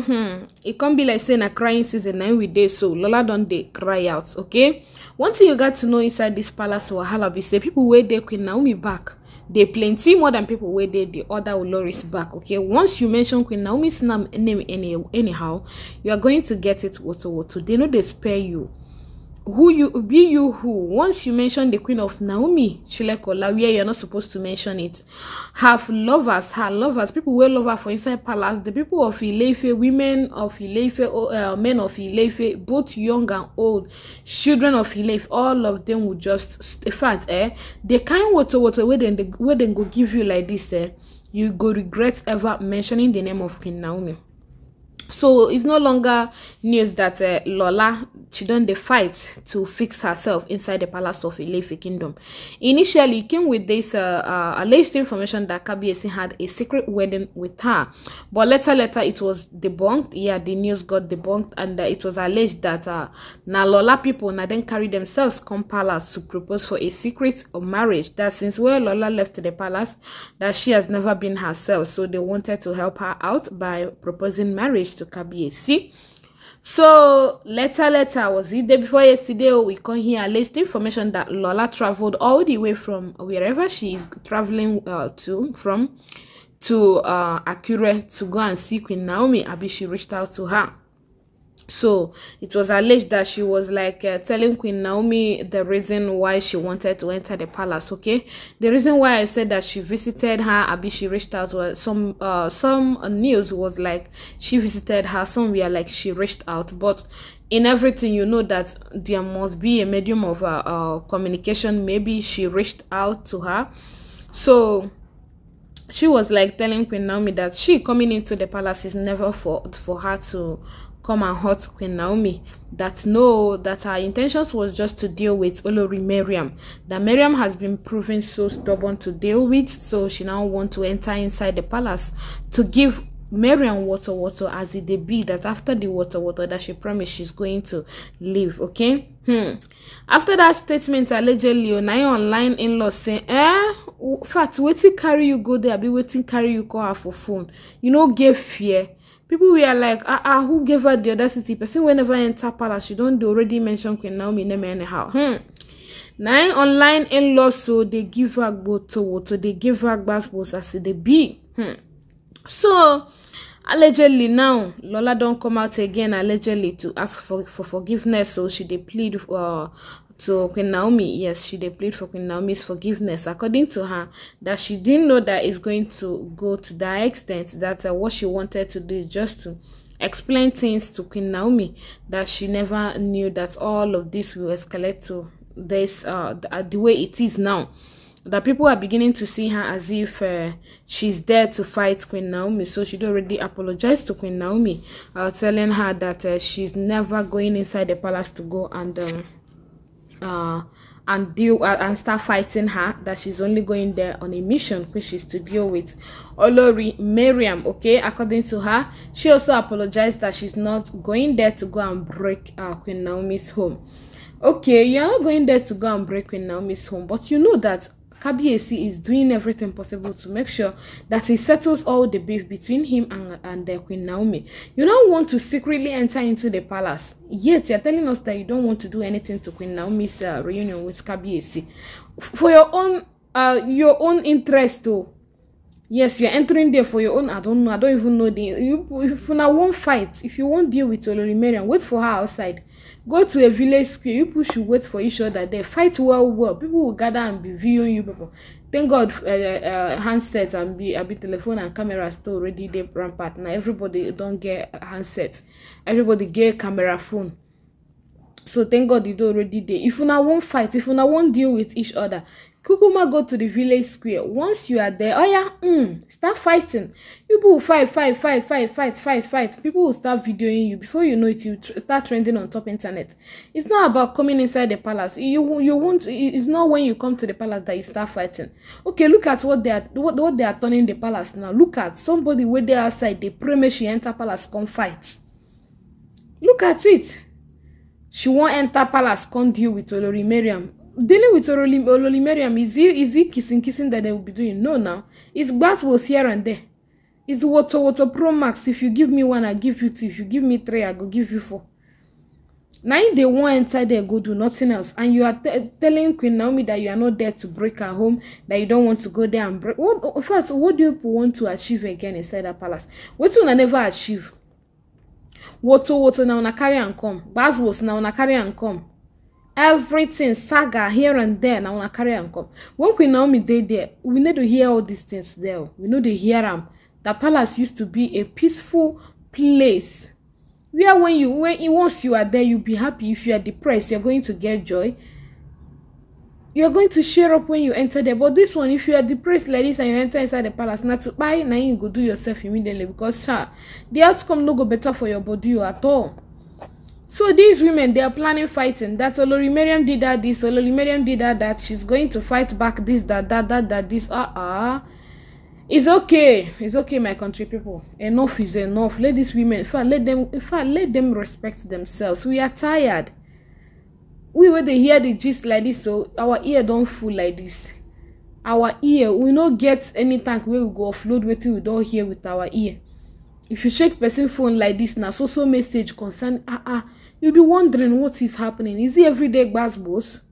so hmm e come be like saying a crying season na we dey so lola don't dey cry out okay one thing you got to know inside this palace wahala be say people wey dey queen naomi back They plenty more than people where they the other oloris back okay once you mention queen naomi's name anyhow you are going to get it woto woto they know they spare you who you be you who once you mention the queen of naomi chilekola where you're not supposed to mention it have lovers her lovers people wey love her for inside palace the people of ileife women of ileife uh, men of ileife both young and old children of ileife all of them will just in fact eh the kind water water wey dem go give you like this eh you go regret ever mentioning the name of queen naomi so it's no longer news that uh, Lola she done the fight to fix herself inside the palace of Ilefi kingdom. Initially, it came with this uh, uh, alleged information that Kabiesi had a secret wedding with her, but later later it was debunked. Yeah, the news got debunked, and uh, it was alleged that uh, now Lola people now then carry themselves come palace to propose for a secret marriage. That since where Lola left the palace, that she has never been herself, so they wanted to help her out by proposing marriage to Kabiesi. So later, later was it day before yesterday? We come here alleged information that Lola traveled all the way from wherever she is traveling uh, to from to uh, Akure to go and see Queen Naomi. Abi she reached out to her. So it was alleged that she was like uh, telling Queen Naomi the reason why she wanted to enter the palace. Okay, the reason why I said that she visited her, Abi, she reached out was Some uh, some news was like she visited her somewhere, like she reached out. But in everything, you know that there must be a medium of uh, uh communication. Maybe she reached out to her, so she was like telling Queen Naomi that she coming into the palace is never for for her to come and hurt Queen Naomi. That no, that her intentions was just to deal with Olori Miriam. That Miriam has been proven so stubborn to deal with, so she now want to enter inside the palace to give Miriam water water as it be that after the water water that she promised she's going to leave. Okay. Hmm. After that statement allegedly, Onayo online in-law saying, eh, fact wetin carry you go there be wetin carry you call her for phone you no get fear people were like ah ah who gave her the other city person wey never enter palace she don dey already mention queen naomi name anyhow hmm. na online in-laws so oh, dey give her gbotowoto oh, dey give her gbasgbos as e dey be hmm. so allegedly now lola don come out again allegedly to ask for for forgiveness so oh, she dey plead uh, to Queen Naomi. Yes, she they plead for Queen Naomi's forgiveness. According to her, that she didn't know that it's going to go to that extent. That uh, what she wanted to do is just to explain things to Queen Naomi that she never knew that all of this will escalate to this uh, the, the way it is now that people are beginning to see her as if uh, she's there to fight Queen Naomi. So she'd already apologized to Queen Naomi, uh, telling her that uh, she's never going inside the palace to go and um, uh, and deal uh, and start fighting her that she's only going there on a mission which is to deal with Olori Miriam okay according to her she also apologized that she's not going there to go and break uh, Queen Naomi's home okay you're not going there to go and break Queen Naomi's home but you know that Kbac is doing everything possible to make sure that he settles all the beef between him and, and the Queen Naomi. You don't want to secretly enter into the palace, yet you're telling us that you don't want to do anything to Queen Naomi's uh, reunion with Kbac For your own uh, your own interest, though. Yes, you're entering there for your own. I don't know. I don't even know the. You, if you now won't fight, if you won't deal with Olori wait for her outside. go to a village square people should wait for each other there fight well well people will gather and be viewing you people thank god uh, uh, handsets and be a abi telephone and camera still ready. They rampart now. everybody don't get handsets. everybody get camera phone so thank god e don already there. if una won't fight if una won't deal with each other Kukuma go to the village square. Once you are there, oh yeah, mm, start fighting. People will fight, fight, fight, fight, fight, fight, fight. People will start videoing you. Before you know it, you tr start trending on top internet. It's not about coming inside the palace. You you won't. It's not when you come to the palace that you start fighting. Okay, look at what they are what, what they are turning the palace now. Look at somebody wait there outside. They promise she enter palace come fight. Look at it. She won't enter palace come deal with Olori Mariam dealing with Ololi Mariam, um, is he, is he kissing kissing that they will be doing? No, now. It's glass was here and there. It's water water pro max. If you give me one, I give you two. If you give me three, I go give you four. Now if they won't enter there, go do nothing else. And you are telling Queen Naomi that you are not there to break her home, that you don't want to go there and break. What, first, what do you want to achieve again inside that palace? What will I never achieve? Water water now, na carry and come. Baz was now, na carry and come everything saga here and there Now na una carry and come when queen naomi dey there we need to hear all these things there we know they hear am the palace used to be a peaceful place where when you when once you are there you'll be happy if you are depressed you're going to get joy you're going to cheer up when you enter there but this one if you are depressed like this and you enter inside the palace now to buy now you go do yourself immediately because sha the outcome no go better for your body at all So these women, they are planning fighting. That Olori Miriam did that, this Olori Miriam did that, that. She's going to fight back this, that, that, that, that, this. Uh-uh. It's okay. It's okay, my country people. Enough is enough. Let these women, in fact, let them, in fact, let them respect themselves. We are tired. We when they hear the gist like this, so our ear don't fool like this. Our ear, we not get any tank where we go offload wetin we don't hear with our ear. If you check person phone like this, now so so message concern ah uh ah. -uh. You'll be wondering what is happening. Is he everyday boss, boss?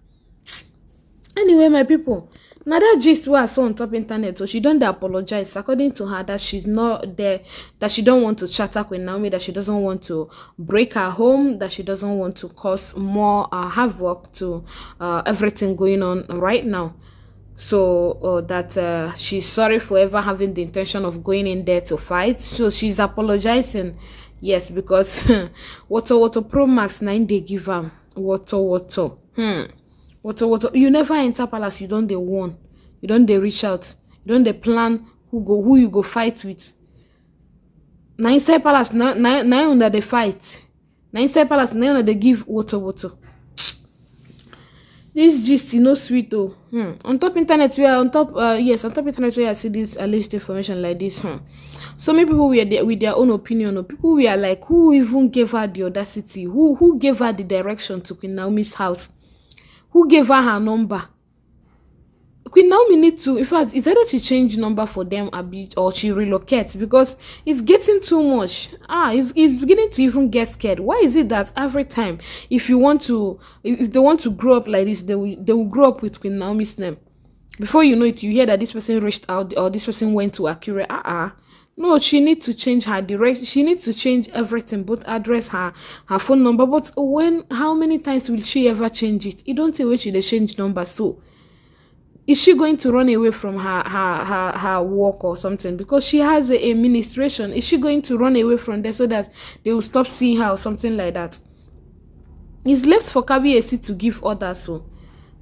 Anyway, my people, now that gist what I saw on top internet, so she don't apologize. According to her, that she's not there, that she don't want to chat up with Naomi, that she doesn't want to break her home, that she doesn't want to cause more uh, havoc to uh, everything going on right now. So uh, that uh, she's sorry for ever having the intention of going in there to fight. So she's apologizing. yes because water water pro max na im dey give am water water hmm. water water you never enter palace you don dey warn you don dey reach out you don dey plan who go who you go fight with na inside palace na na na una dey fight na inside palace na una dey give water water. This gist e no sweet o hmm. on top internet where on top uh, yes on top internet where i see this alleged information like this hmm. so many people were there with their own opinion or people were like who even gave her the audacity who who gave her the direction to queen naomi's house who gave her her number Queen Naomi need to, in fact, it's either she change number for them a bit or she relocate because it's getting too much. Ah, it's, it's beginning to even get scared. Why is it that every time, if you want to, if they want to grow up like this, they will, they will grow up with Queen Naomi's name. Before you know it, you hear that this person reached out or this person went to Akure. Ah, uh ah. -uh. No, she need to change her direct. She needs to change everything, both address, her her phone number. But when, how many times will she ever change it? You don't say when she they change number so. is she going to run away from her her her, her work or something because she has a, a ministration is she going to run away from there so that they will stop seeing her or something like that it's left for kbac to give orders so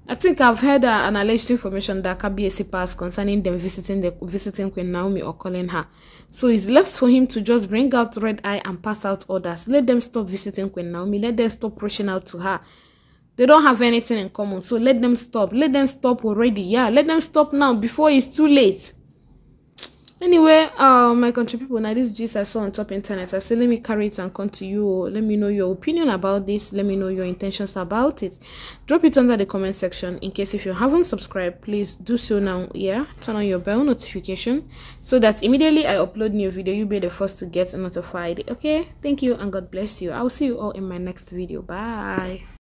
i think i've heard uh, an alleged information that kbac passed concerning them visiting the visiting queen naomi or calling her so it's left for him to just bring out red eye and pass out orders let them stop visiting queen naomi let them stop rushing out to her they don't have anything in common. So let them stop. Let them stop already. Yeah, let them stop now before it's too late. Anyway, uh, my country people, now this gist I saw on top internet. I say let me carry it and come to you. Let me know your opinion about this. Let me know your intentions about it. Drop it under the comment section. In case if you haven't subscribed, please do so now. Yeah, turn on your bell notification so that immediately I upload new video, you'll be the first to get notified. Okay, thank you and God bless you. I'll see you all in my next video. Bye.